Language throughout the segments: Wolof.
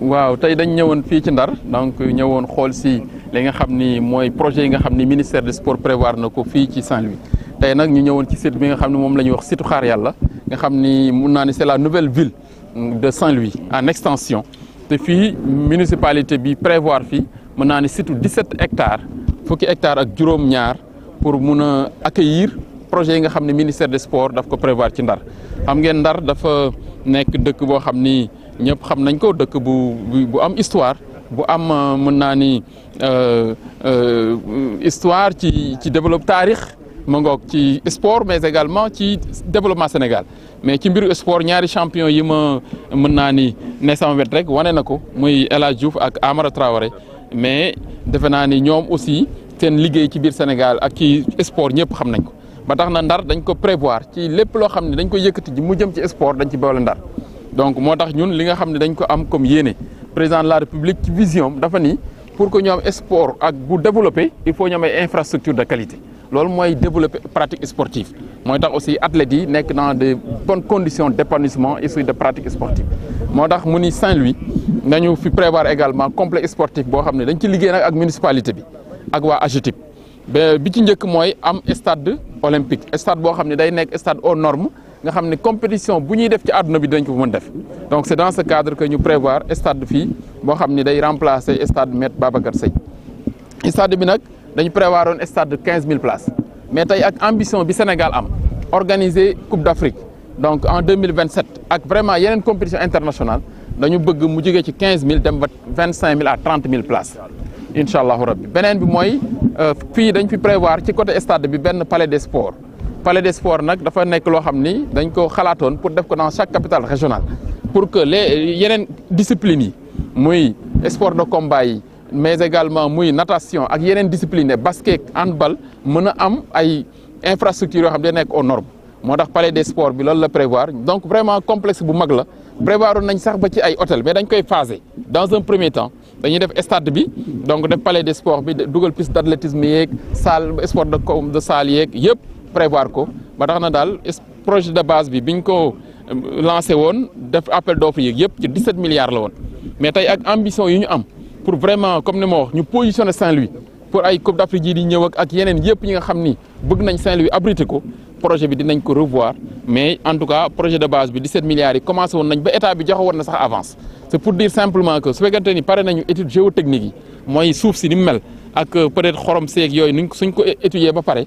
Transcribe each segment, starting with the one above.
waaw tey dañ ñëwoon fii ci Ndar donc ñëwoon xool si li nga xam ni mooy projet yi nga xam ni ministère des sports prévoir na ko fii ci Saint-Louis tey nag ñu ñëwoon ci site bi nga xam ni moom la ñuy wax site Xaar Yàlla nga xam ni mun naa ni c'est la nouvelle ville de Saint-Louis en extension te fii municipalité bi prévoir fii mën naa ni surtout 17 hectares fukki hectares ak juróom-ñaar pour mun a accueillir projet yi nga xam ne ministère des sports daf ko prévoir ci Ndar xam ngeen Ndar dafa nekk dëkk boo xam ni. ñëpp xam nañ ko dëkk bu bu am histoire bu am euh, mën naa ni euh, euh, histoire ci ci développe taarix ma ngoog ci sport mais également ci développement Sénégal mais ci mbiru sport ñaari champion yi ma mën naa ni ne sama wet rek wane na ko muy El Hadj Diouf ak Amara Traoré mais defe naa ni ñoom aussi seen liggéey ci biir Sénégal ak ci sport ñëpp xam nañ ko ba tax na ndar dañ ko prévoir ci lépp loo xam ne dañ ko yëkkati ji mu jëm ci sport dañ ci boole ndar donc nous avons ñun comme président de la république ci vision pour que ñu am sport ak développé il faut une infrastructure de qualité C'est mooy développer pratique sportive Nous avons aussi athlètes yi nekk dans de bonnes conditions d'épanouissement et de pratique sportive Nous tax mu Saint-Louis nous prévoir également complexe sportif qui est lié dañ la municipalité bi ak bi stade olympique stade bo un stade aux normes nous avons une compétition bu ñuy def ci aduna bi dañ ko donc c'est dans ce cadre que ñu prévoir stade de filles xam day remplacer stade Maître Babacar seigne stade bi nak dañu prévoir un stade de 15 000 places mais tay ak ambition bi Sénégal am organiser Coupe d'Afrique. donc en 2027 ak vraiment une compétition internationale nous bëgg mu 000 ci 15000 000, ba 000 à places Inshallah, rabbi benen bi euh, dañ fi prévoir ci côté stade bi ben palais des sports palais des sports nak dafa nek lo xamni dañ ko xalaatoon pour def ko dans chaque capitale régionale pour que les yenen disciplines muy sport de combat yi mais également muy natation ak yenen discipline basket handball meuna a am ay infrastructures yo xamni ne nekk aux normes palais des sports bi loolu la prévoir donc vraiment complexe bu mag la On nañ sax ba ci ay hôtel mais dañ koy phasé dans un premier temps dañuy def stade bi donc def palais des sports bi dougal piste d'athlétisme, yek salle sport de de salle yek prévoir ko ba tax na projet de base bi biñ ko euh, lancé won def appel d'offres yi 17 milliards la won mais tay ak ambition yi ñu am pour vraiment comme ni mo wax ñu positionner Saint-Louis pour ay Coupe d'Afrique yi di ñëw ak ak yenen yëpp yi nga xamni bëgg nañ Saint-Louis abrité ko projet bi dinañ ko revoir mais en tout cas projet de base bi 17 milliards yi commencé won nañ ba état bi joxawon na sax avance c'est pour dire simplement que su fekkente ni paré nañu étude géotechnique yi moy souf si ni mel ak euh, peut-être xorom sék yoy nuñ suñ ko étudier ba paré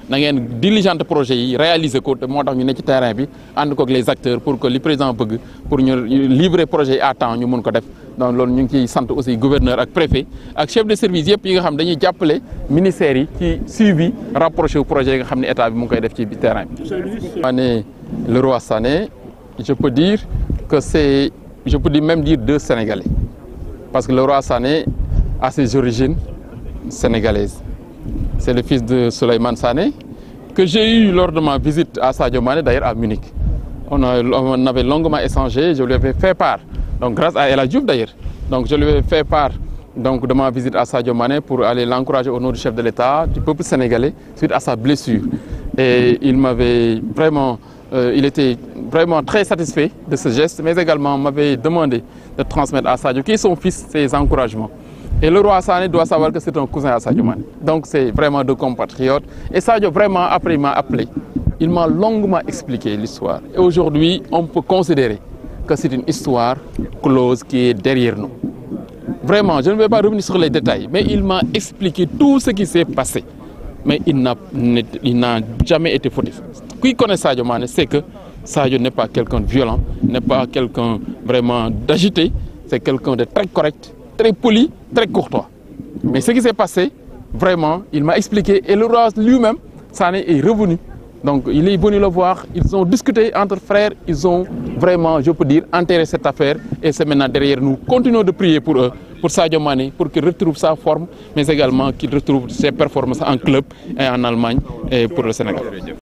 nous un diligente projet yi réaliser ko motax ñu terrain bi les acteurs pour que le président bëgg pour le projet à temps ñu ko def donc Nous ñu ngi ciy aussi gouverneur ak préfet ak chef de service puis yi nga xam dañuy ministère yi ci suivi rapproché projet yi nga xam ni état bi mu koy def terrain bi. Sané je peux dire que c'est je peux même dire deux Sénégalais parce que le roi Sané a ses origines sénégalaises c'est le fils de Soleiman Sané, que j'ai eu lors de ma visite à Sadio Mané, d'ailleurs à Munich. On, avait longuement échangé, je lui avais fait part, donc grâce à El Adjoub d'ailleurs, donc je lui avais fait part donc, de ma visite à Sadio Mané pour aller l'encourager au nom du chef de l'État, du peuple sénégalais, suite à sa blessure. Et il m'avait vraiment, euh, il était vraiment très satisfait de ce geste, mais également m'avait demandé de transmettre à Sadio, qui est son fils, ses encouragements. Et le roi Sani doit savoir que c'est un cousin à Sadio Mané. Donc c'est vraiment deux compatriotes. Et Sadio, vraiment, après, il m'a appelé. Il m'a longuement expliqué l'histoire. Et aujourd'hui, on peut considérer que c'est une histoire close qui est derrière nous. Vraiment, je ne vais pas revenir sur les détails, mais il m'a expliqué tout ce qui s'est passé. Mais il n'a jamais été fautif. Qui connaît Sadio Mané sait que Sadio n'est pas quelqu'un de violent, n'est pas quelqu'un vraiment d'agité, c'est quelqu'un de très correct très poli, très courtois. Mais ce qui s'est passé, vraiment, il m'a expliqué et le roi lui-même s'en est revenu. Donc il est venu le voir, ils ont discuté entre frères, ils ont vraiment, je peux dire, enterré cette affaire et c'est maintenant derrière nous. Continuons de prier pour eux, pour Sadio Mané, pour qu'il retrouve sa forme, mais également qu'il retrouve ses performances en club et en Allemagne et pour le Sénégal.